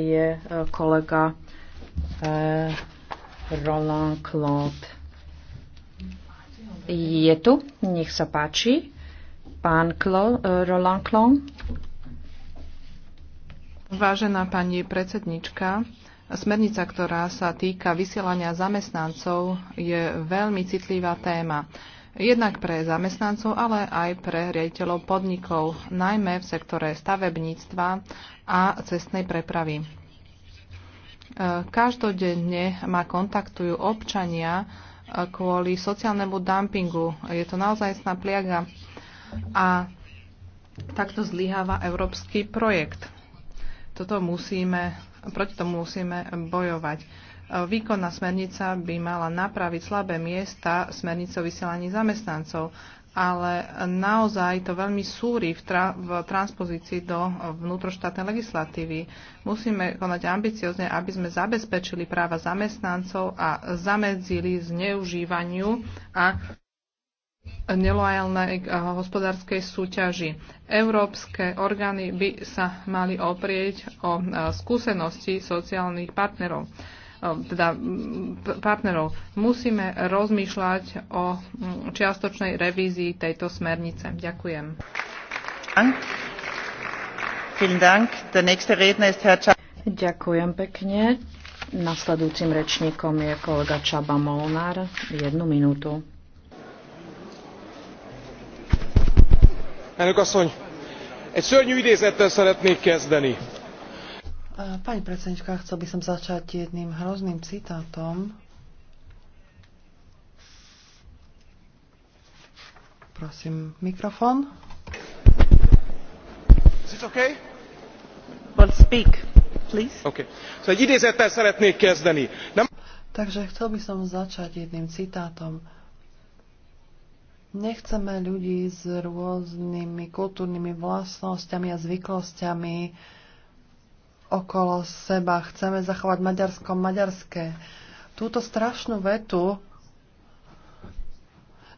je e, kolega e, Roland Claude. Je tu, nech sa páči. Pán Claude, Roland Claude. Vážená pani predsednička, Smernica, ktorá sa týka vysielania zamestnancov, je veľmi citlivá téma jednak pre zamestnancov, ale aj pre riaditeľov podnikov, najmä v sektore stavebníctva a cestnej prepravy. E, každodenne ma kontaktujú občania e, kvôli sociálnemu dumpingu. Je to naozaj sná pliaga. A takto zlyháva európsky projekt. Toto musíme, proti tomu musíme bojovať Výkonná smernica by mala napraviť slabé miesta smernice o vysielaní zamestnancov, ale naozaj to veľmi súri v, tra- v transpozícii do vnútroštátnej legislatívy. Musíme konať ambiciozne, aby sme zabezpečili práva zamestnancov a zamedzili zneužívaniu a neloajálnej eh, hospodárskej súťaži. Európske orgány by sa mali oprieť o eh, skúsenosti sociálnych partnerov teda partnerov. Musíme rozmýšľať o čiastočnej revízii tejto smernice. Ďakujem. Ďakujem pekne. Nasledujúcim rečníkom je kolega Čaba Molnár. Jednu minútu. Elnök asszony, egy szörnyű idézettel szeretnék kezdeni Pani predsednička, chcel by som začať jedným hrozným citátom. Prosím, mikrofón. Is it okay? Well, speak, please. Okay. So, idézettel szeretnék kezdeni. Nem... Takže chcel by som začať jedným citátom. Nechceme ľudí s rôznymi kultúrnymi vlastnosťami a zvyklosťami, okolo seba. Chceme zachovať maďarsko-maďarské. Túto strašnú vetu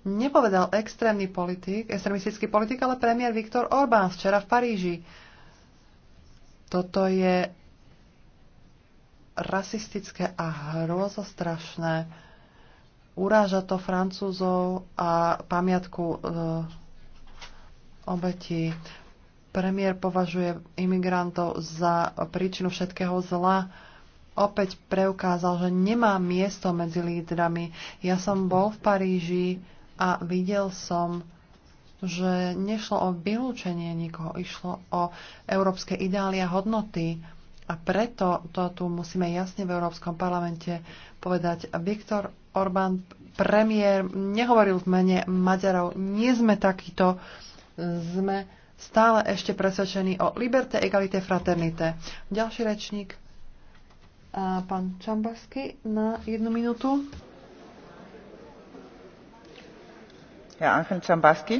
nepovedal extrémny politik, extrémistický politik, ale premiér Viktor Orbán včera v Paríži. Toto je rasistické a hrozostrašné. Uráža to Francúzov a pamiatku e, obetí. Premiér považuje imigrantov za príčinu všetkého zla. Opäť preukázal, že nemá miesto medzi lídrami. Ja som bol v Paríži a videl som, že nešlo o vylúčenie nikoho, išlo o európske ideály a hodnoty. A preto to tu musíme jasne v Európskom parlamente povedať. Viktor Orbán, premiér, nehovoril v mene Maďarov. Nie sme takýto, sme stále ešte presvedčený o liberte, egalite, fraternite. Ďalší rečník, pán Čambarsky, na jednu minútu. Ja, Angel Čambasky.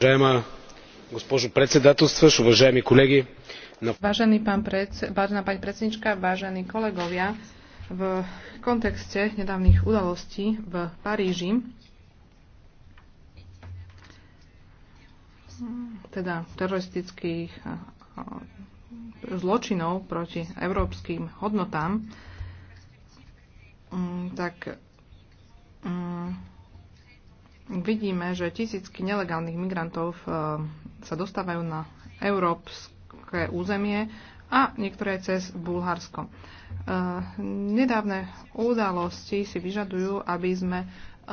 gospožu госпожо председателстваш, уважаеми колеги. No. Vážený pán preds- vážená pani predsednička, vážení kolegovia, v kontexte nedávnych udalostí v Paríži teda teroristických zločinov proti európskym hodnotám, mm, tak mm, vidíme, že tisícky nelegálnych migrantov sa dostávajú na európske územie a niektoré cez Bulharsko. E, nedávne udalosti si vyžadujú, aby sme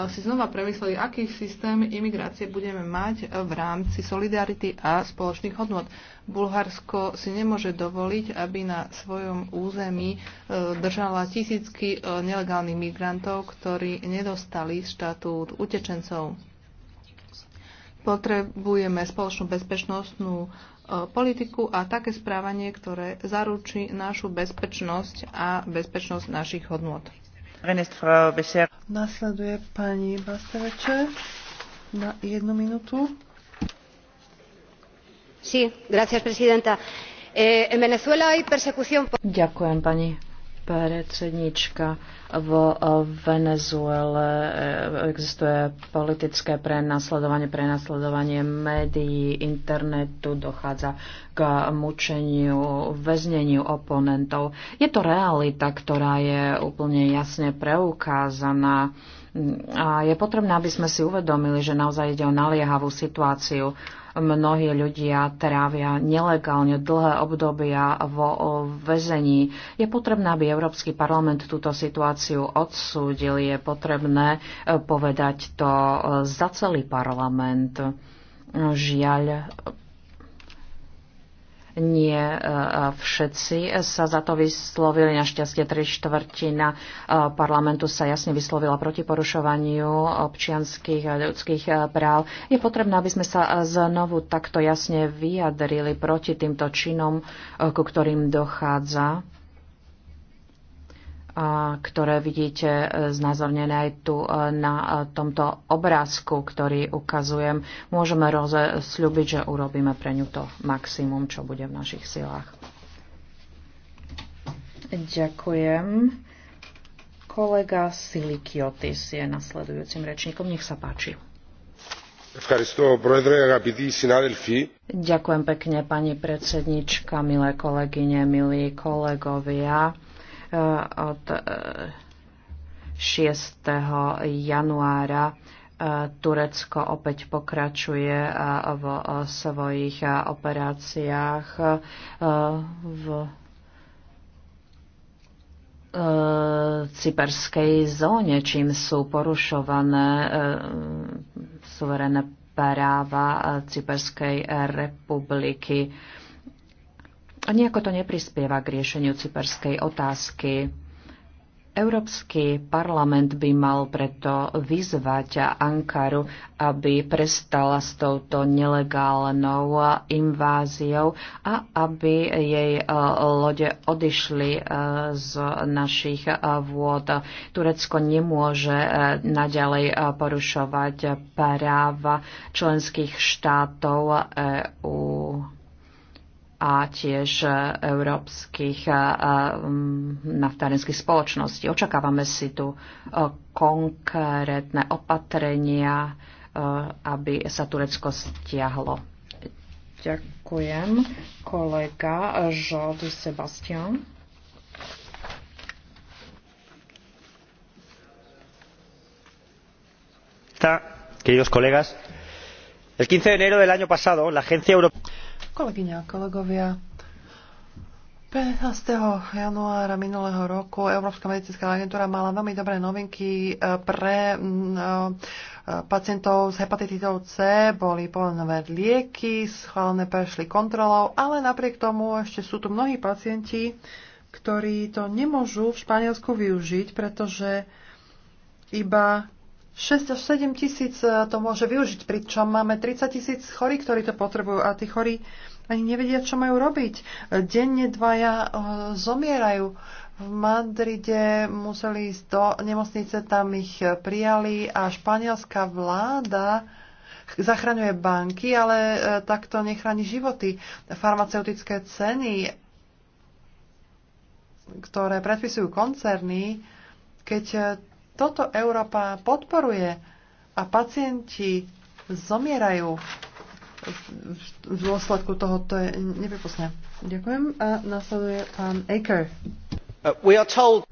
si znova premysleli, aký systém imigrácie budeme mať v rámci solidarity a spoločných hodnot. Bulharsko si nemôže dovoliť, aby na svojom území e, držala tisícky e, nelegálnych migrantov, ktorí nedostali štatút utečencov. Potrebujeme spoločnú bezpečnostnú e, politiku a také správanie, ktoré zaručí našu bezpečnosť a bezpečnosť našich hodnot. Nasleduje pani Basteveče na jednu minútu. Sí, gracias, presidenta. Eh, en Venezuela hay persecución. Ďakujem, pani predsednička. V Venezuele existuje politické prenasledovanie, prenasledovanie médií, internetu, dochádza k mučeniu, väzneniu oponentov. Je to realita, ktorá je úplne jasne preukázaná. A je potrebné, aby sme si uvedomili, že naozaj ide o naliehavú situáciu. Mnohí ľudia trávia nelegálne dlhé obdobia vo väzení. Je potrebné, aby Európsky parlament túto situáciu odsúdil. Je potrebné eh, povedať to eh, za celý parlament. Žiaľ, nie e, e, všetci sa za to vyslovili. Našťastie tri štvrtina e, parlamentu sa jasne vyslovila proti porušovaniu občianských a ľudských práv. Je potrebné, aby sme sa znovu takto jasne vyjadrili proti týmto činom, ku ktorým dochádza ktoré vidíte e, znázornené aj tu e, na e, tomto obrázku, ktorý ukazujem. Môžeme Roze sľubiť, že urobíme pre ňu to maximum, čo bude v našich silách. Ďakujem. Kolega Silikiotis je nasledujúcim rečníkom. Nech sa páči. Ďakujem pekne, pani predsednička, milé kolegyne, milí kolegovia Eh, od 6. Eh, januára eh, Turecko opäť pokračuje v svojich operáciách v cyperskej zóne, čím sú porušované suverené práva Cyperskej republiky. A nejako to neprispieva k riešeniu cyperskej otázky. Európsky parlament by mal preto vyzvať Ankaru, aby prestala s touto nelegálnou inváziou a aby jej e, lode odišli e, z našich e, vôd. Turecko nemôže naďalej porušovať práva členských štátov EU a tiež e, európskych e, e, naftárenských spoločností. Očakávame si tu konkrétne opatrenia, aby sa Turecko stiahlo. Ďakujem. Kolega Jordi Sebastian. Queridos colegas, el 15 de enero del año pasado, la Agencia Europea Kolegyňa a kolegovia, 15. januára minulého roku Európska medicínska agentúra mala veľmi dobré novinky e, pre e, pacientov s hepatitidou C. Boli povedané lieky, schválené prešli kontrolou, ale napriek tomu ešte sú tu mnohí pacienti, ktorí to nemôžu v Španielsku využiť, pretože iba 6 až 7 tisíc e, to môže využiť, pričom máme 30 tisíc chorí, ktorí to potrebujú a tí chorí ani nevedia, čo majú robiť. E, denne dvaja e, zomierajú. V Madride museli ísť do nemocnice, tam ich prijali a španielská vláda zachraňuje banky, ale takto nechráni životy. Farmaceutické ceny, ktoré predpisujú koncerny, keď toto Európa podporuje a pacienti zomierajú v dôsledku toho. To je nepripustné. Ďakujem. A nasleduje pán Aker. Uh, we are told...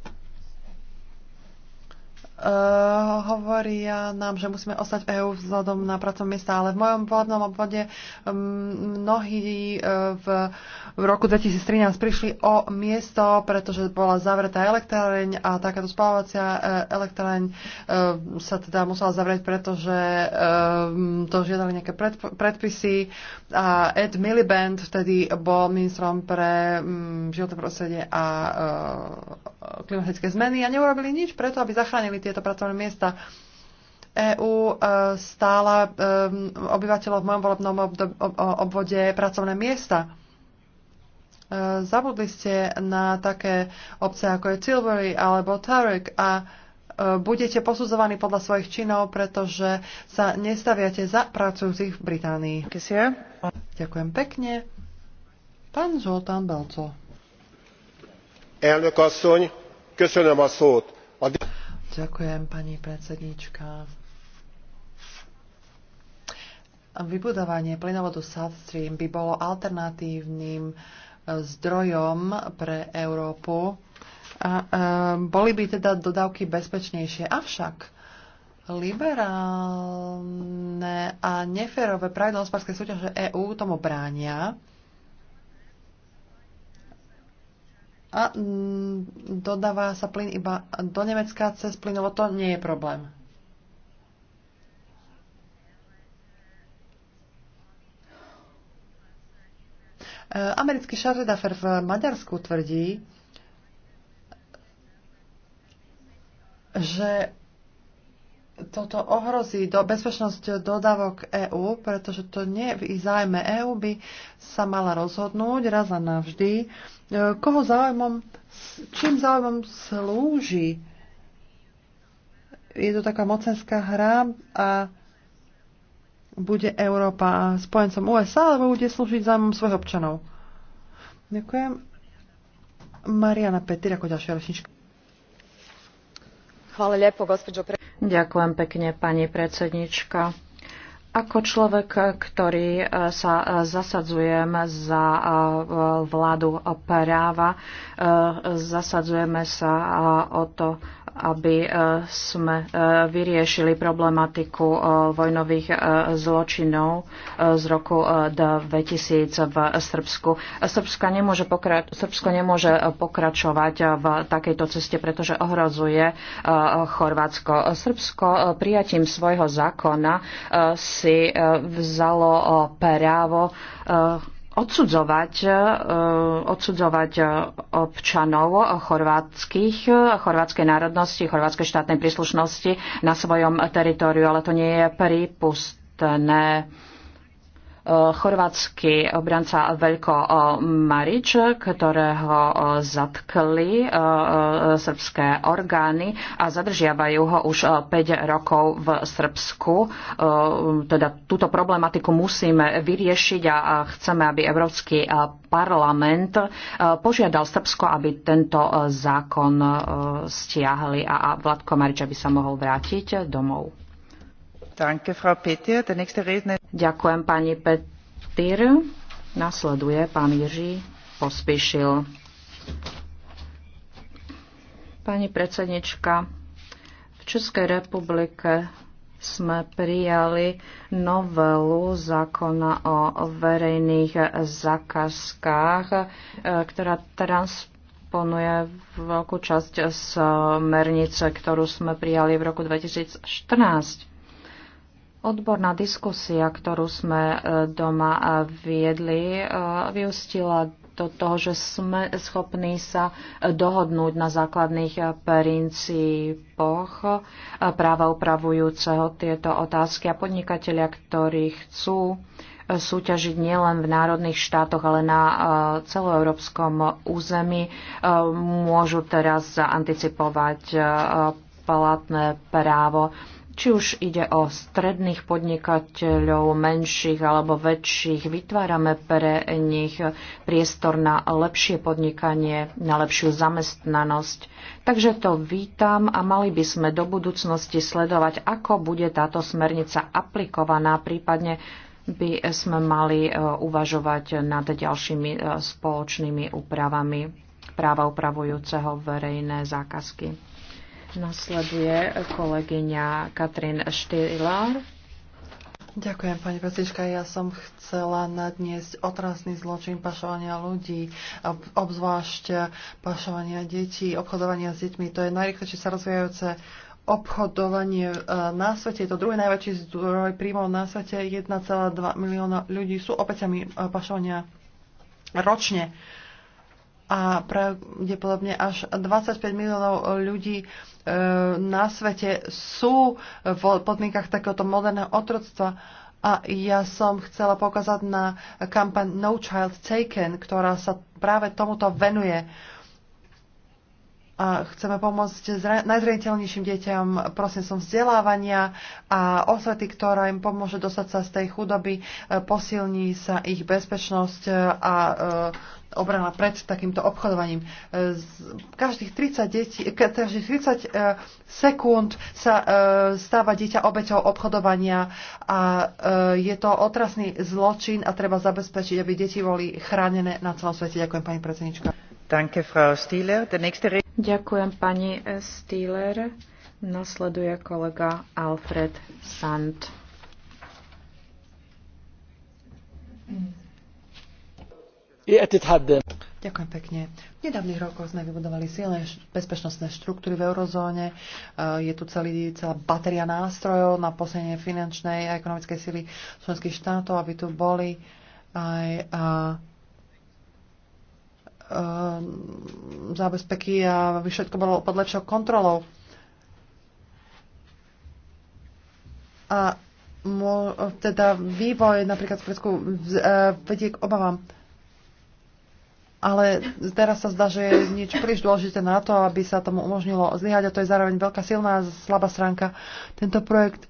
Uh, hovoria nám, že musíme ostať v EU vzhľadom na pracovné miesta, ale v mojom pôvodnom obvode um, mnohí uh, v v roku 2013 prišli o miesto, pretože bola zavretá elektráreň a takáto spalovacia e, elektráreň e, sa teda musela zavrieť, pretože e, to žiadali nejaké predpisy a Ed Miliband vtedy bol ministrom pre mm, životné prostredie a klimatické zmeny a neurobili nič preto, aby zachránili tieto pracovné miesta. EÚ stála obyvateľov v mojom volebnom obvode pracovné miesta. Eh, zabudli ste na také obce ako je Tilbury alebo Tarek a eh, budete posudzovaní podľa svojich činov, pretože sa nestaviate za pracujúcich v Británii. Ďakujem pekne. Pán Zoltán Belco. Elnök asszony, köszönöm a szót. A... Ďakujem, pani predsedníčka. Vybudovanie plynovodu South Stream by bolo alternatívnym uh, zdrojom pre Európu a e, boli by teda dodávky bezpečnejšie. Avšak liberálne a neférové pravidlo hospodárskej súťaže EÚ tomu bránia. A dodáva sa plyn iba do Nemecka cez plynovo, to nie je problém. Eh, americký šardafer v Maďarsku tvrdí, že toto ohrozí do bezpečnosť dodávok EÚ, pretože to nie v ich zájme. EÚ by sa mala rozhodnúť raz a navždy, eh, koho záujmom, čím záujmom slúži. Je to taká mocenská hra a bude Európa spojencom USA, alebo bude slúžiť zájmom svojich občanov? Ďakujem. Mariana Petir ako ďalšia rečnička. Hvala lepo, gospodžo. pre... Ďakujem pekne, pani predsednička. Ako človek, ktorý e, sa e, zasadzujem za e, vládu práva, zasadzujeme sa o to, aby e, sme e, vyriešili problematiku e, vojnových zločinov z roku 2000 v Srbsku. Srbska nemôže Srbsko nemôže pokračovať v takejto ceste, pretože ohrozuje Chorvátsko. Srbsko prijatím svojho zákona si vzalo právo odsudzovať, e, odsudzovať e, občanov chorvátskych, chorvátskej národnosti, chorvátskej štátnej príslušnosti na svojom teritoriu, ale to nie je prípustné. E, chorvátsky obranca Veľko e, Marič, ktorého e, zatkli srbské orgány a zadržiavajú ho už 5 rokov v Srbsku. Teda túto problematiku musíme vyriešiť a chceme, aby Európsky parlament požiadal Srbsko, aby tento zákon stiahli a Vladko Marič, aby sa mohol vrátiť domov. Ďakujem pani Petir. Nasleduje pán Jiří Pospíšil. Pani predsednička, v Českej republike sme prijali novelu zákona o verejných zakázkach, e, ktorá trans veľkú časť z ktorú sme prijali v roku 2014. Odborná diskusia, ktorú sme e, doma e, viedli, e, vyústila do toho, že sme schopní sa dohodnúť na základných princípoch práva upravujúceho tieto otázky a podnikatelia, ktorí chcú súťažiť nielen v národných štátoch, ale na celoeurópskom území, môžu teraz anticipovať platné právo či už ide o stredných podnikateľov, menších alebo väčších, vytvárame pre nich priestor na lepšie podnikanie, na lepšiu zamestnanosť. Takže to vítam a mali by sme do budúcnosti sledovať, ako bude táto smernica aplikovaná, prípadne by sme mali e, uvažovať nad ďalšími e, spoločnými úpravami práva upravujúceho verejné zákazky. Nasleduje kolegyňa Katrin Štýlar. Ďakujem, pani Pesička. Ja som chcela nadniesť otrasný zločin pašovania ľudí, obzvlášť pašovania detí, obchodovania s deťmi. To je najrychlejšie sa rozvíjajúce obchodovanie eh, na svete. Je to druhý najväčší zdroj príjmov na svete. 1,2 milióna ľudí sú opäťami eh, pašovania ročne a pravdepodobne až 25 miliónov ľudí e, na svete sú v podmienkach takéhoto moderného otroctva. A ja som chcela pokazať na kampaň No Child Taken, ktorá sa práve tomuto venuje. A chceme pomôcť najzraniteľnejším deťom, prosím som vzdelávania a osvety, ktorá im pomôže dostať sa z tej chudoby, e, posilní sa ich bezpečnosť e, a obrana pred takýmto obchodovaním. Každých 30, detí, každých 30 e, sekúnd sa e, stáva dieťa obeťou obchodovania a e, je to otrasný zločin a treba zabezpečiť, aby deti boli chránené na celom svete. Ďakujem, pani predsednička. Danke, Frau Stieler. nächste... Ďakujem, pani Stieler. Nasleduje kolega Alfred Sand. Mm. Ďakujem pekne. V nedávnych rokoch sme vybudovali silné bezpečnostné štruktúry v eurozóne. Eh, je tu celý, celá batéria nástrojov na posilnenie finančnej a ekonomickej sily členských štátov, aby tu boli aj a, a, eh, zábezpeky a aby všetko bolo pod lepšou kontrolou. A mo, teda vývoj napríklad v Grécku eh, vedie k obavám ale teraz sa zdá, že je nič príliš dôležité na to, aby sa tomu umožnilo zlyhať a to je zároveň veľká silná a slabá stránka. Tento projekt e,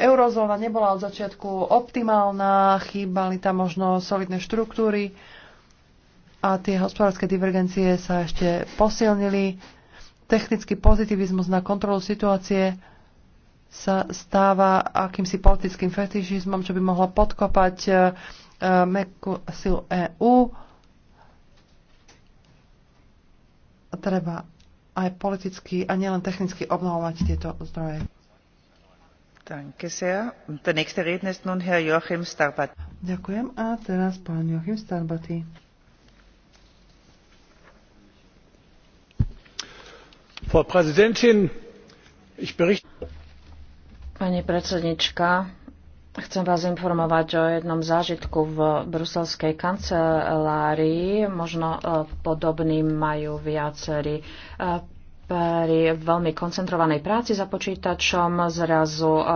eurozóna nebola od začiatku optimálna, chýbali tam možno solidné štruktúry a tie hospodárske divergencie sa ešte posilnili. Technický pozitivizmus na kontrolu situácie sa stáva akýmsi politickým fetišizmom, čo by mohlo podkopať uh, mekú silu EÚ. Treba aj politicky a nielen technicky obnovovať tieto zdroje. Ďakujem. A teraz pán Joachim Starbaty. Frau Präsidentin, ich berichte. Pani predsednička, Chcem vás informovať o jednom zážitku v bruselskej kancelárii. Možno e, podobný majú viacerí e, pri veľmi koncentrovanej práci za počítačom zrazu e,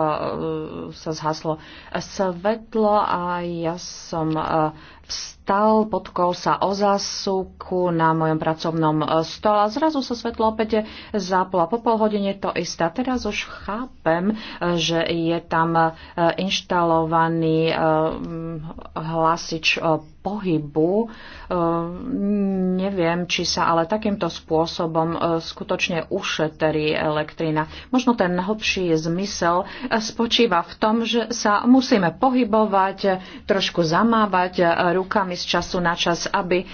sa zhaslo svetlo a ja som vstal, potkol sa o zásuvku na mojom pracovnom e, stole a zrazu sa svetlo opäť zaplo. Po pol hodine to isté. Teraz už chápem, e, že je tam e, inštalovaný hlasič pohybu. Neviem, či sa ale takýmto spôsobom skutočne ušetrí elektrina. Možno ten hlbší zmysel spočíva v tom, že sa musíme pohybovať, trošku zamávať rukami z času na čas, aby e, e,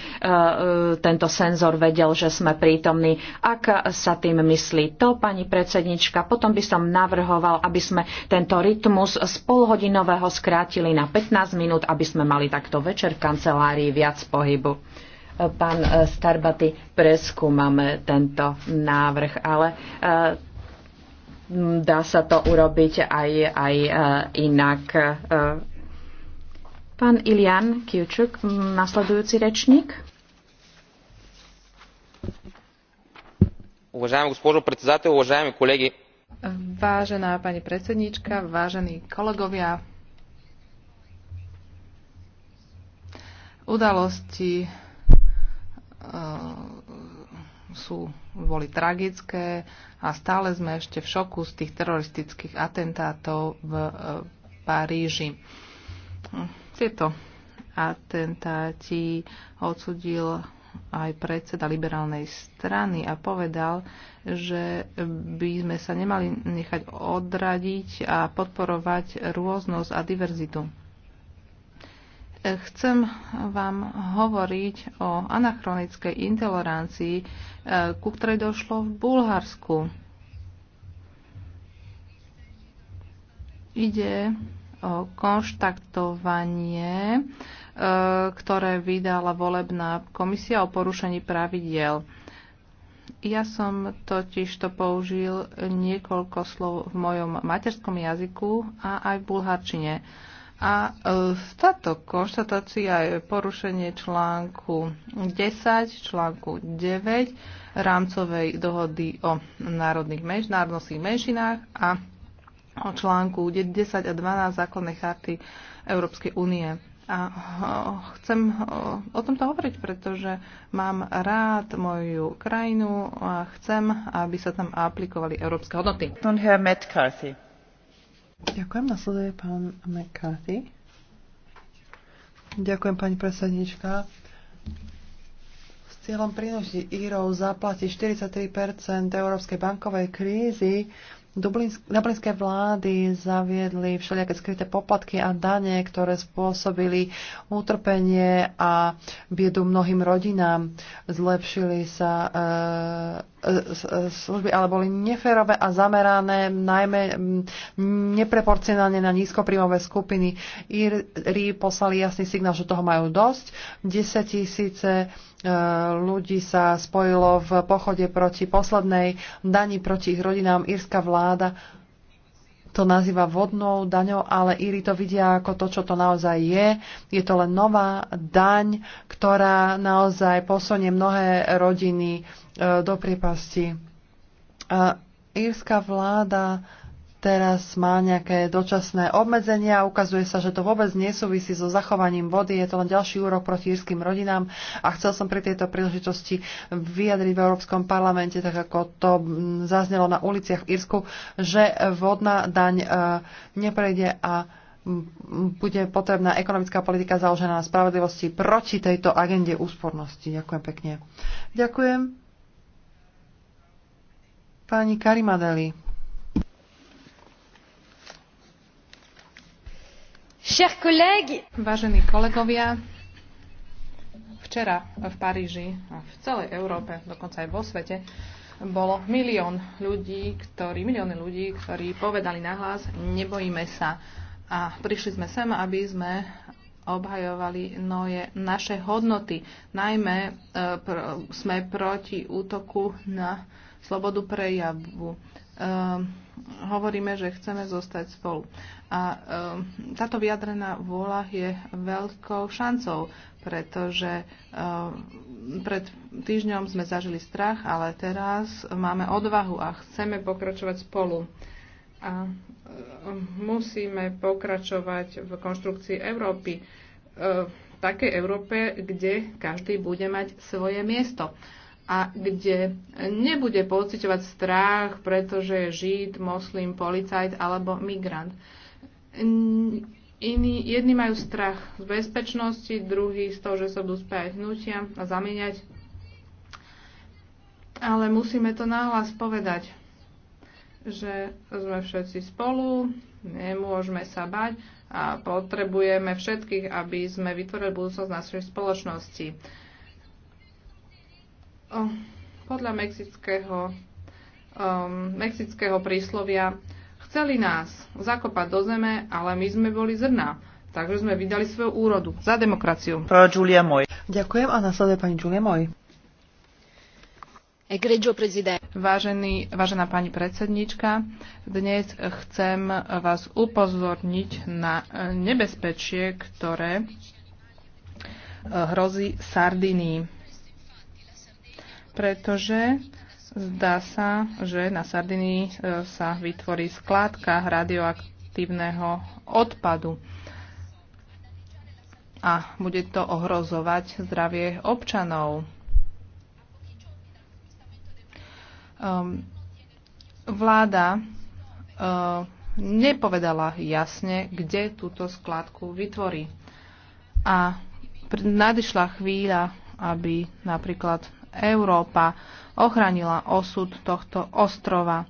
tento senzor vedel, že sme prítomní. Ak sa tým myslí to, pani predsednička, potom by som navrhoval, aby sme tento rytmus z polhodinového skrátili na 15 minút, aby sme mali takto večer v kancelárii viac pohybu e, pán Starbaty, preskúmame tento návrh, ale dá sa to urobiť aj, aj inak. Pán Ilian Kiučuk, nasledujúci rečník. Уважаема госпожо председател, уважаеми колеги. Vážená pani predsedníčka, vážení kolegovia, udalosti eh, sú, boli tragické a stále sme ešte v šoku z tých teroristických atentátov v eh, Paríži. Tieto atentáti odsudil aj predseda liberálnej strany a povedal, že by sme sa nemali nechať odradiť a podporovať rôznosť a diverzitu. Chcem vám hovoriť o anachronickej intolerancii, eh, ku ktorej došlo v Bulharsku. Ide konštaktovanie, e, ktoré vydala volebná komisia o porušení pravidiel. Ja som totiž to použil niekoľko slov v mojom materskom jazyku a aj v bulharčine. A e, táto konštatácia je porušenie článku 10, článku 9 rámcovej dohody o národných menš, národnostných menšinách a o článku 10 a 12 zákonnej charty Európskej únie. A chcem o tomto hovoriť, pretože mám rád moju krajinu a chcem, aby sa tam aplikovali európske hodnoty. Ďakujem, nasleduje pán McCarthy. Ďakujem, pani predsednička cieľom prinútiť Írov zaplatiť 43 európskej bankovej krízy, Dublinské vlády zaviedli všelijaké skryté poplatky a dane, ktoré spôsobili utrpenie a biedu mnohým rodinám. Zlepšili sa e, e, e služby, ale boli neférové a zamerané najmä nepreporcionálne na nízkoprímové skupiny. Íri poslali jasný signál, že toho majú dosť. 10 tisíce E, ľudí sa spojilo v pochode proti poslednej dani proti ich rodinám. Írska vláda to nazýva vodnou daňou, ale Íri to vidia ako to, čo to naozaj je. Je to len nová daň, ktorá naozaj posunie mnohé rodiny e, do priepasti. Írska vláda teraz má nejaké dočasné obmedzenia. Ukazuje sa, že to vôbec nesúvisí so zachovaním vody. Je to len ďalší úrok proti írským rodinám. A chcel som pri tejto príležitosti vyjadriť v Európskom parlamente, tak ako to zaznelo na uliciach v Írsku, že vodná daň e, neprejde a bude potrebná ekonomická politika založená na spravodlivosti proti tejto agende úspornosti. Ďakujem pekne. Ďakujem. Pani Karimadeli. Vážení kolegovia, včera v Paríži a v celej Európe, dokonca aj vo svete, bolo milión ľudí, ktorí, milióny ľudí, ktorí povedali nahlas, nebojíme sa. A prišli sme sem, aby sme obhajovali noje, naše hodnoty. Najmä e, pr- sme proti útoku na slobodu prejavu Ehm, hovoríme, že chceme zostať spolu. A ehm, táto vyjadrená vôľa je veľkou šancou, pretože ehm, pred týždňom sme zažili strach, ale teraz máme odvahu a chceme pokračovať spolu. A musíme pokračovať v konštrukcii Európy. V takej Európe, kde každý bude mať svoje miesto a kde nebude pociťovať strach, pretože je žid, moslim, policajt alebo migrant. Iní, jedni majú strach z bezpečnosti, druhí z toho, že sa budú spájať hnutia a zamieňať. Ale musíme to nahlas povedať, že sme všetci spolu, nemôžeme sa bať a potrebujeme všetkých, aby sme vytvorili budúcnosť našej spoločnosti podľa mexického, um, mexického príslovia chceli nás zakopať do zeme, ale my sme boli zrná. Takže sme vydali svoju úrodu za demokraciu. Pro Julia Moj. Ďakujem a nasleduje pani Julia Moj. Egregio prezident. Vážený, vážená pani predsednička, dnes chcem vás upozorniť na eh, nebezpečie, ktoré eh, hrozí Sardinii pretože zdá sa, že na Sardinii e, sa vytvorí skládka radioaktívneho odpadu a bude to ohrozovať zdravie občanov. Ehm, vláda e, nepovedala jasne, kde túto skladku vytvorí. A nadišla chvíľa, aby napríklad Európa ochránila osud tohto ostrova,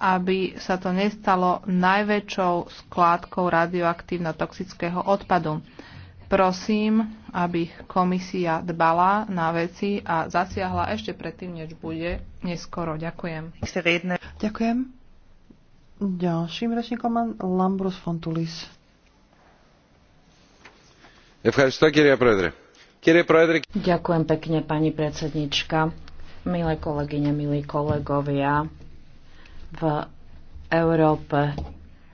aby sa to nestalo najväčšou skládkou radioaktívno-toxického odpadu. Prosím, aby komisia dbala na veci a zasiahla ešte predtým, než bude neskoro. Ďakujem. Ďakujem. Ďalším rečníkom mám Lambros Fontulis. Ďakujem, Ďakujem pekne, pani predsednička. Milé kolegyne, milí kolegovia, v Európe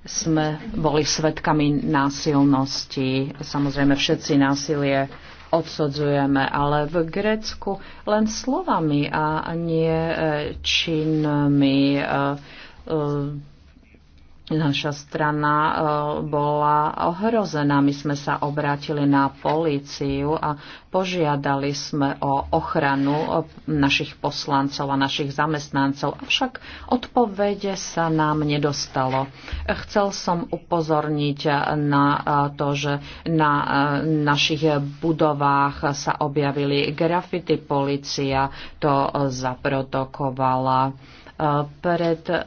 sme boli svetkami násilnosti. Samozrejme, všetci násilie odsudzujeme, ale v Grécku len slovami a nie eh, činmi eh, eh, Naša strana e, bola ohrozená. My sme sa obrátili na políciu a požiadali sme o ochranu e, našich poslancov a našich zamestnancov. Avšak odpovede sa nám nedostalo. Chcel som upozorniť na e, to, že na našich budovách sa objavili grafity. Polícia to zaprotokovala pred eh,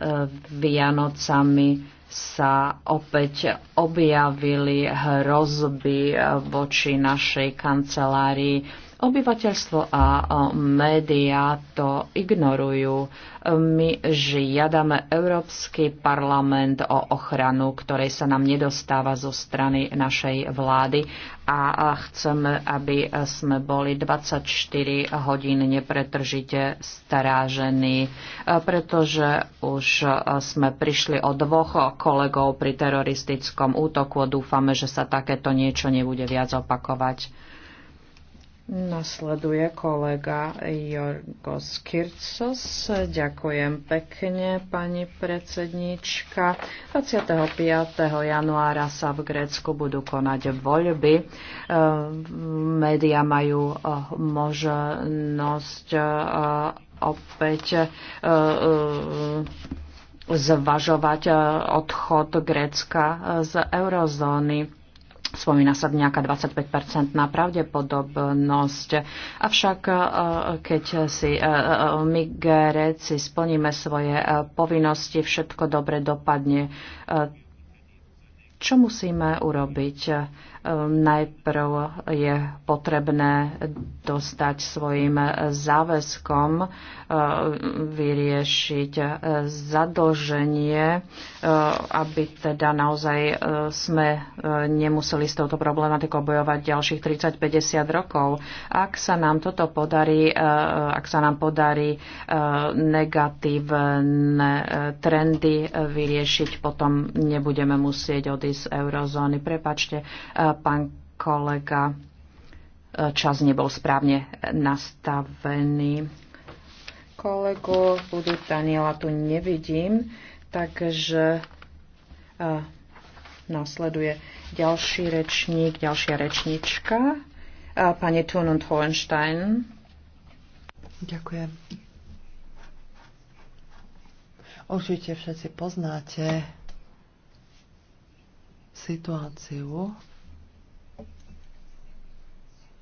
Vianocami sa opäť objavili hrozby eh, voči našej kancelárii Obyvateľstvo a médiá to ignorujú. My žiadame Európsky parlament o ochranu, ktorej sa nám nedostáva zo strany našej vlády a chceme, aby sme boli 24 hodín nepretržite strážení, pretože už sme prišli o dvoch kolegov pri teroristickom útoku a dúfame, že sa takéto niečo nebude viac opakovať. Nasleduje kolega Jorgos Kircos. Ďakujem pekne, pani predsednička. 25. januára sa v Grécku budú konať voľby. E, Média majú e, možnosť e, opäť zvažovať odchod Grécka z eurozóny Spomína sa nejaká 25-percentná pravdepodobnosť. Avšak e, keď si e, e, my Gréci splníme svoje povinnosti, všetko dobre dopadne. Čo musíme urobiť? Ehm, najprv je potrebné dostať svojim záväzkom, ehm, vyriešiť zadlženie, ehm, aby teda naozaj sme nemuseli s touto problematikou bojovať ďalších 30-50 rokov. Ak sa nám toto podarí, ak sa nám podarí negatívne trendy vyriešiť, potom nebudeme musieť odísť z eurozóny. Prepačte, pán kolega. E, čas nebol správne nastavený. Kolego budú Daniela tu nevidím, takže e, nasleduje ďalší rečník, ďalšia rečnička, e, pani Thun und Hohenstein. Ďakujem. Určite všetci poznáte situáciu,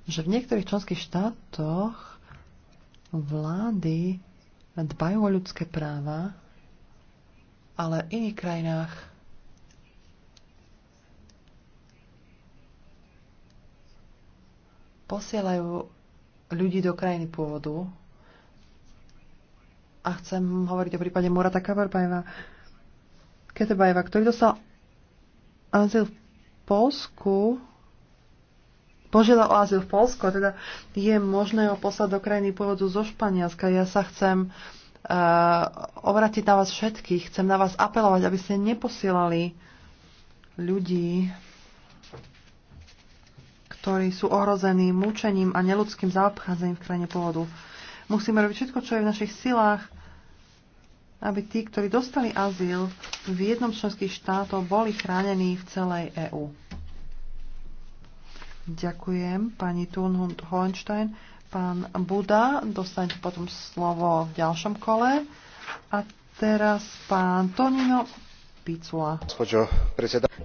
že v niektorých členských štátoch vlády dbajú o ľudské práva, ale v iných krajinách posielajú ľudí do krajiny pôvodu. A chcem hovoriť o prípade Murata Kaberbajeva, Ketebajeva, ktorý dostal azyl v Polsku požiadal o azyl v Polsku, teda je možné ho poslať do krajiny pôvodu zo Španielska. Ja sa chcem uh, eh, obratiť na vás všetkých, chcem na vás apelovať, aby ste neposielali ľudí, ktorí sú ohrození mučením a neludským zaobchádzaním v krajine pôvodu. Musíme robiť všetko, čo je v našich silách, aby tí, ktorí dostali azyl v jednom členských štátoch, boli chránení v celej EÚ. Ďakujem pani Thunhund Hohenstein. Pán Buda, dostanete potom slovo v ďalšom kole. A teraz pán Tonino Picula.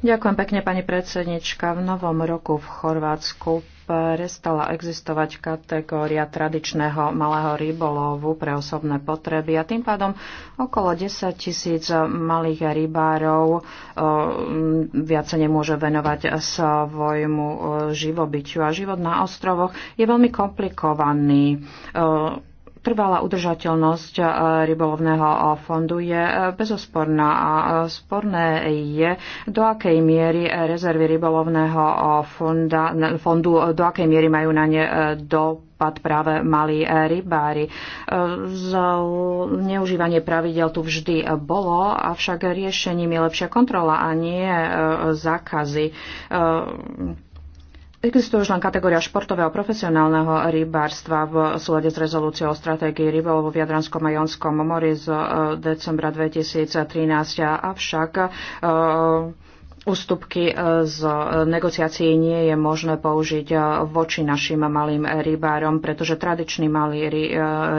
Ďakujem pekne, pani predsednička. V novom roku v Chorvátsku prestala existovať kategória tradičného malého rybolovu pre osobné potreby a tým pádom okolo 10 tisíc malých rybárov viac sa nemôže venovať svojmu živobytiu a život na ostrovoch je veľmi komplikovaný. Trvalá udržateľnosť e, rybolovného e, fondu je e, bezosporná a sporné je, do akej miery rezervy rybolovného fonda, fondu, do akej miery majú na ne do dopad práve mali rybári. Neužívanie pravidel tu vždy bolo, avšak riešením je lepšia kontrola a nie zákazy Existuje už len kategória športového profesionálneho rybárstva v súlade s rezolúciou o stratégii rybolovu v Jadranskom a Jonskom mori z e, decembra 2013, avšak e, Ústupky e, z negociácií nie je možné použiť voči našim malým rybárom, pretože tradičný malý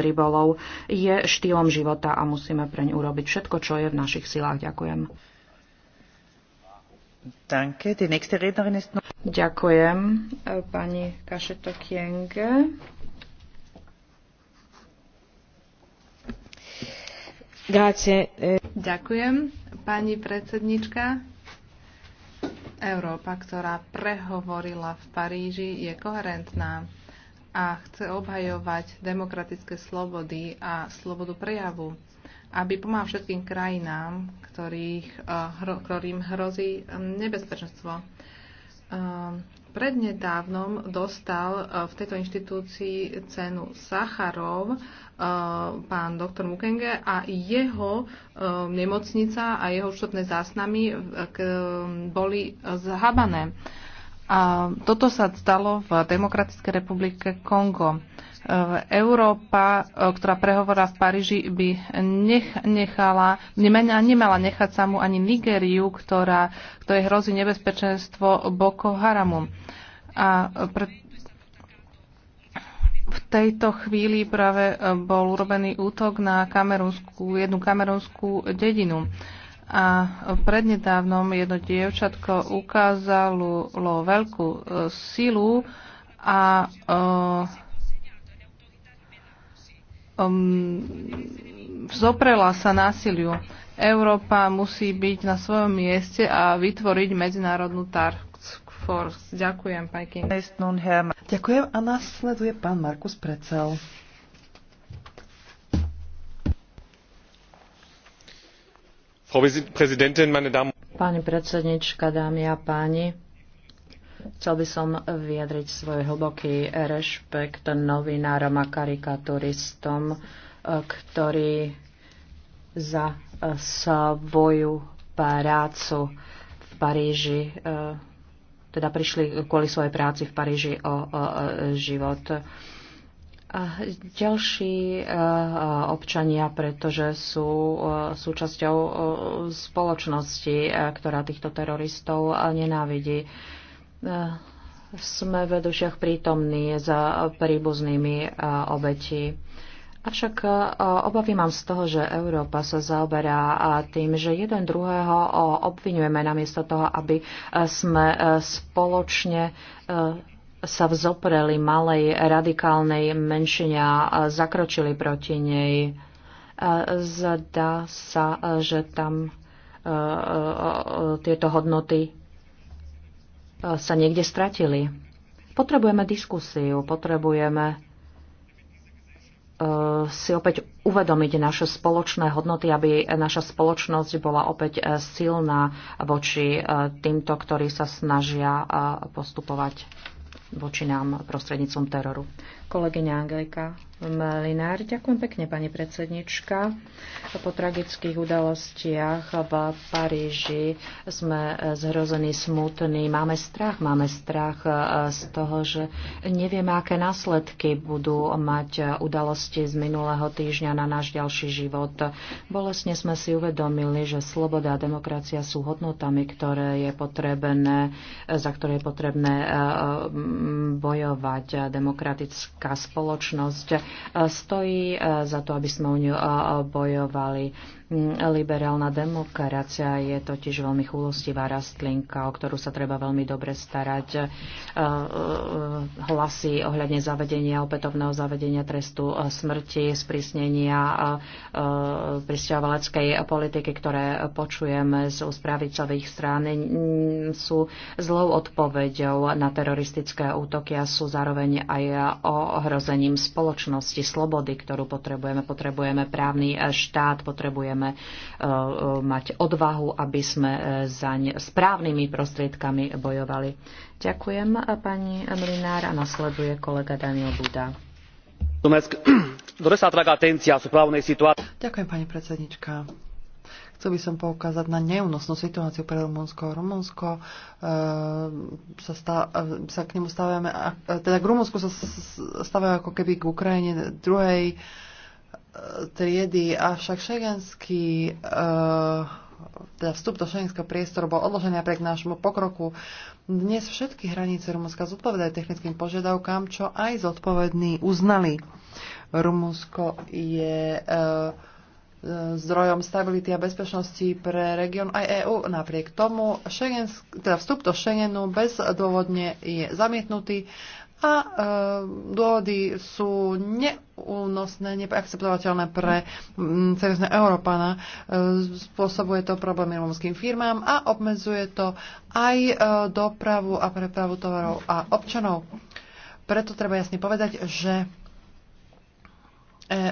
rybolov je štýlom života a musíme preň urobiť všetko, čo je v našich silách. Ďakujem. Ďakujem e, pani Kašeto Kienge. E- Ďakujem pani predsednička. Európa, ktorá prehovorila v Paríži, je koherentná a chce obhajovať demokratické slobody a slobodu prejavu aby pomáhal všetkým krajinám, ktorých, eh, ktorým hrozí eh, nebezpečenstvo. Eh, prednedávnom dostal v tejto inštitúcii cenu Sacharov pán doktor Mukenge a jeho nemocnica a jeho štotné zásnamy boli zhabané. A toto sa stalo v Demokratickej republike Kongo. E, Európa, e, ktorá prehovorá v Paríži, by nech, nechala, nemala nechať samú ani Nigériu, ktorá, ktorej hrozí nebezpečenstvo Boko Haramu. A pre, v tejto chvíli práve e, bol urobený útok na kamerunskú, jednu kamerunskú dedinu. Uh, a prednedávnom jedno dievčatko ukázalo veľkú e, silu a um, zoprela sa násiliu. Európa musí byť na svojom mieste a vytvoriť medzinárodnú task force. Ďakujem, pani Ďakujem a následuje pán Markus Precel. Pani predsednička, dámy a páni, chcel by som vyjadriť svoj hlboký rešpekt novinárom a karikaturistom, eh, ktorí za eh, svoju prácu v Paríži eh, teda prišli kvôli svojej práci v Paríži o, o život ďalší eh, občania, pretože sú eh, súčasťou eh, spoločnosti, ktorá týchto teroristov nenávidí. Sme v dušiach prítomní za príbuznými obetí. Avšak obavy mám z toho, že Európa sa zaoberá tým, že jeden druhého obvinujeme namiesto toho, aby sme spoločne sa vzopreli malej radikálnej menšine a zakročili proti nej. Zdá sa, že tam e, e, e, tieto hodnoty sa niekde stratili. Potrebujeme diskusiu, potrebujeme si opäť uvedomiť naše spoločné hodnoty, aby naša spoločnosť bola opäť silná voči týmto, ktorí sa snažia postupovať voči nám prostrednícom teroru kolegyňa Angelika Melinár. Ďakujem pekne, pani predsednička. Po tragických udalostiach v Paríži sme zhrození smutní. Máme strach, máme strach e, z toho, že nevieme, aké následky budú mať udalosti z minulého týždňa na náš ďalší život. Bolesne sme si uvedomili, že sloboda a demokracia sú hodnotami, ktoré je potrebné, za ktoré je potrebné e, bojovať demokratické občianská spoločnosť eh, stojí eh, za to, aby sme o ňu eh, bojovali. Liberálna demokracia je totiž veľmi chulostivá rastlinka, o ktorú sa treba veľmi dobre starať. E, e, hlasy ohľadne zavedenia, opätovného zavedenia trestu e, smrti, sprísnenia pristiavaleckej politiky, ktoré počujeme z uspravicových strán, sú zlou odpoveďou na teroristické útoky a sú zároveň aj ohrozením spoločnosti, slobody, ktorú potrebujeme. Potrebujeme právny štát, potrebujeme musíme e, e, mať odvahu, aby sme e, za ne správnymi prostriedkami bojovali. Ďakujem pani Mlinár a nasleduje kolega Daniel Buda. Doresc să atrag atenția asupra unei situații. Ďakujem, pani predsednička. Chcel by som poukázať na neúnosnú situáciu pre Rumunsko. Rumunsko sa, stá, sa k nemu stávame, teda k Rumunsku sa stávame ako keby k Ukrajine druhej triedy, avšak šengenský eh, teda vstup do šengenského priestoru bol odložený napriek nášmu pokroku. Dnes všetky hranice Rumunska zodpovedajú technickým požiadavkám, čo aj zodpovední uznali. Rumunsko je eh, zdrojom stability a bezpečnosti pre región aj EÚ. Napriek tomu Schengen, teda vstup do Schengenu bezdôvodne je zamietnutý a e, dôvody sú neúnosné, neakceptovateľné pre mm, seriózne Európana. E, spôsobuje to problémy rumúnským firmám a obmedzuje to aj e, dopravu a prepravu tovarov a občanov. Preto treba jasne povedať, že e,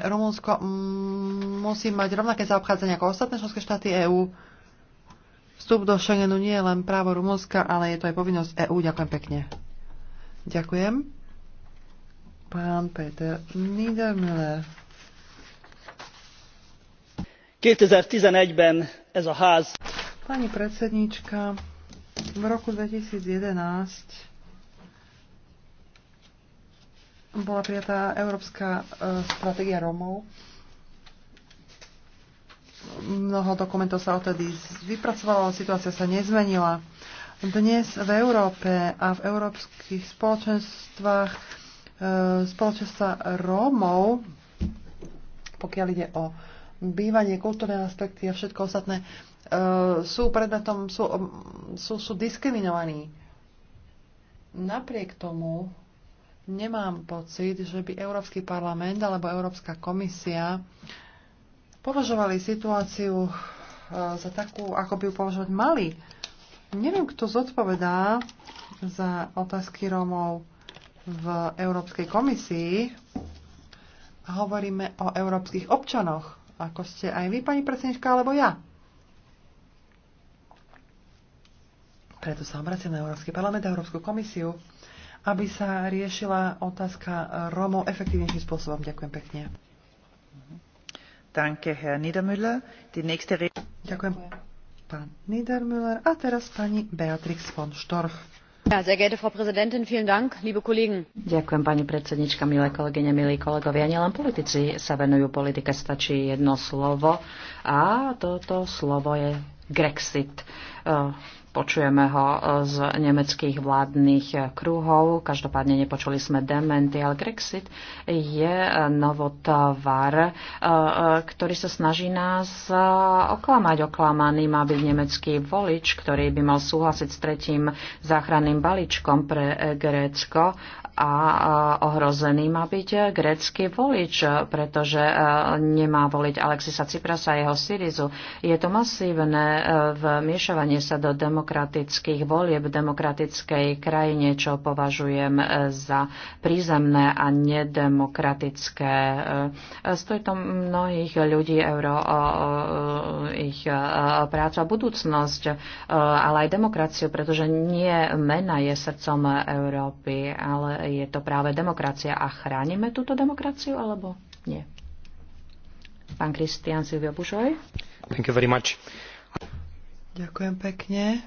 Rumunsko musí mať rovnaké zaobchádzanie ako ostatné členské štáty EÚ. Vstup do Schengenu nie je len právo Rumunska, ale je to aj povinnosť EÚ. Ďakujem pekne. Ďakujem. Pán Peter Niedermüller. 2011-ben ez a ház. Pani predsedníčka, v roku 2011 bola prijatá Európska e, stratégia Romov. Mnoho dokumentov sa odtedy vypracovalo, situácia sa nezmenila. Dnes v Európe a v európskych spoločenstvách e, spoločenstva Rómov, pokiaľ ide o bývanie, kultúrne aspekty a všetko ostatné, e, sú predmetom, sú, e, sú, sú diskriminovaní. Napriek tomu nemám pocit, že by Európsky parlament alebo Európska komisia považovali situáciu za takú, ako by ju považovať mali. Neviem, kto zodpovedá za otázky Rómov v Európskej komisii. Hovoríme o európskych občanoch, ako ste aj vy, pani predsednička, alebo ja. Preto sa obraciam na Európsky parlament a Európsku komisiu, aby sa riešila otázka Rómov efektívnejším spôsobom. Ďakujem pekne. Danke, Herr Niedermüller. Die nächste... Ďakujem pán Niedermüller a teraz pani Beatrix von Storch. Ďakujem, pani predsednička, milé kolegyne, milí kolegovia. Nielen politici sa venujú politike, stačí jedno slovo a toto slovo je Grexit eh, Počujeme ho e, z nemeckých vládnych e, kruhov. Každopádne nepočuli sme dementy, ale Grexit je e, novotvar, ktorý sa snaží nás oklamať. Oklamaný má byť nemecký volič, ktorý by mal súhlasiť s tretím záchranným balíčkom pre Grécko a ohrozený má byť grécky volič, pretože e, nemá voliť Alexisa Ciprasa a jeho Syrizu. Je to masívne e, vmiešavanie sa do demokratických volieb v demokratickej krajine, čo považujem e, za prízemné a nedemokratické. Stojí to mnohých ľudí euro ich prácu a budúcnosť, ale aj demokraciu, pretože nie mena je srdcom Európy, ale je to práve demokracia. A chránime túto demokraciu alebo nie? Pán Kristian Silvio Bušoj. Thank you very much. Ďakujem pekne.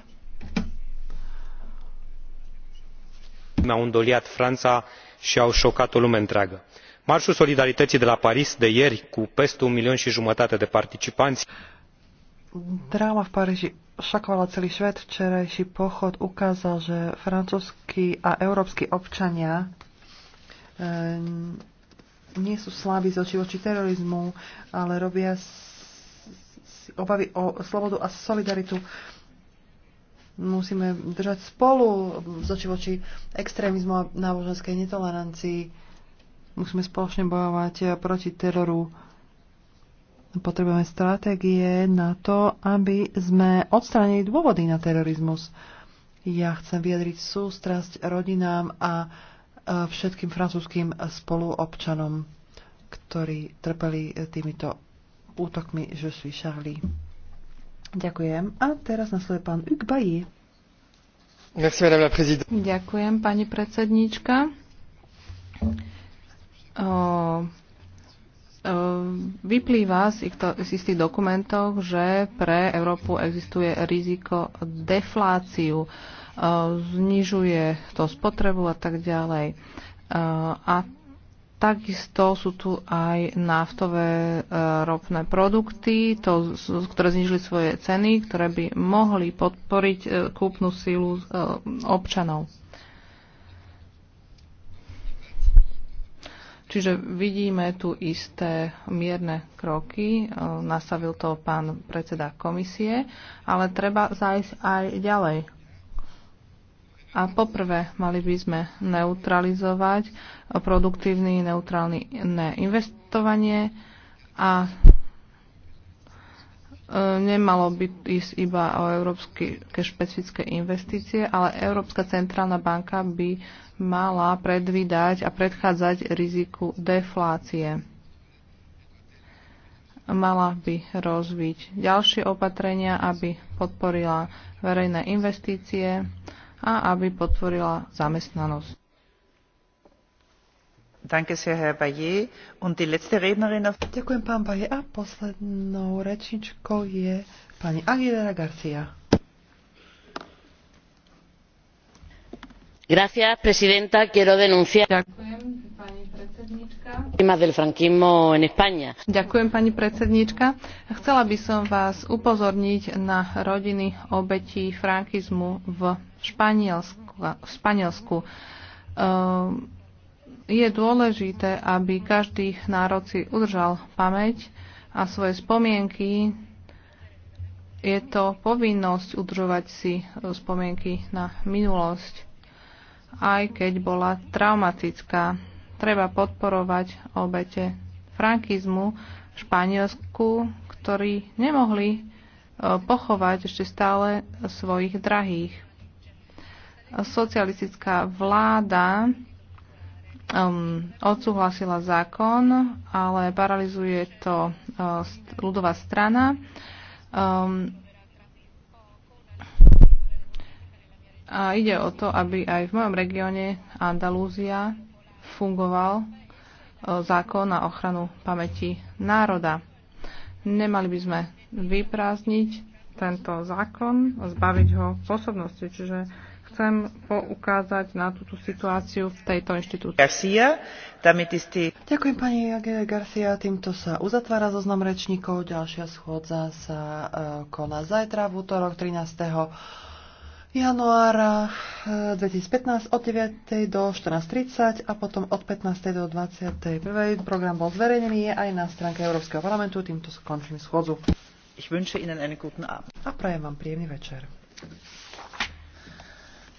Mi-au îndoliat Franța și au șocat o lume întreagă. Marșul solidarității de la Paris de ieri, cu peste un milion și jumătate de participanți, Dráma v Paríži šokovala celý svet. Včerajší pochod ukázal, že francúzskí a európsky občania e, nie sú slabí z očí voči terorizmu, ale robia si obavy o slobodu a solidaritu. Musíme držať spolu z očí voči extrémizmu a náboženskej netolerancii. Musíme spoločne bojovať proti teroru Potrebujeme stratégie na to, aby sme odstránili dôvody na terorizmus. Ja chcem vyjadriť sústrasť rodinám a e, všetkým francúzským spoluobčanom, ktorí trpeli e, týmito útokmi, že sú šahli. Ďakujem. A teraz nasleduje pán Ugbaji. Ďakujem, pani predsedníčka. Ehm, vyplýva z, z istých dokumentov, že pre Európu existuje riziko defláciu, ehm, znižuje to spotrebu a tak ďalej. Ehm, a Takisto sú tu aj naftové ropné produkty, to, ktoré znižili svoje ceny, ktoré by mohli podporiť kúpnu sílu občanov. Čiže vidíme tu isté mierne kroky, e, nastavil to pán predseda komisie, ale treba zájsť aj ďalej. A poprvé mali by sme neutralizovať produktívny neutrálny investovanie a E, nemalo by ísť iba o európske špecifické investície, ale Európska centrálna banka by mala predvídať a predchádzať riziku deflácie. Mala by rozviť ďalšie opatrenia, aby podporila verejné investície a aby podporila zamestnanosť. Ďakujem, pán Baje. A poslednou rečničkou je pani Aguilera Garcia. Gracias, presidenta. Quiero denunciar. pani predsedníčka. del franquismo en España. Ďakujem, pani predsedníčka. Chcela by som vás upozorniť na rodiny obetí frankizmu v Španielsku. V Španielsku. Uh, je dôležité, aby každý národ si udržal pamäť a svoje spomienky. Je to povinnosť udržovať si e, spomienky na minulosť, aj keď bola traumatická. Treba podporovať obete frankizmu v Španielsku, ktorí nemohli e, pochovať ešte stále svojich drahých. Socialistická vláda um, odsúhlasila zákon, ale paralizuje to uh, st- ľudová strana. Um, a ide o to, aby aj v mojom regióne Andalúzia fungoval uh, zákon na ochranu pamäti národa. Nemali by sme vyprázdniť tento zákon, zbaviť ho pôsobnosti, čiže chcem poukázať na túto situáciu v tejto inštitúcii. Garcia, Ďakujem pani Garcia, týmto sa uzatvára zoznam rečníkov. Ďalšia schôdza sa e, koná zajtra v útorok 13 januára 2015 e, od 9. do 14.30 a potom od 15. do 21. Program bol zverejnený je aj na stránke Európskeho parlamentu. Týmto skončím schôdzu. Ich wünsche Ihnen einen guten Abend. A prajem vám príjemný večer.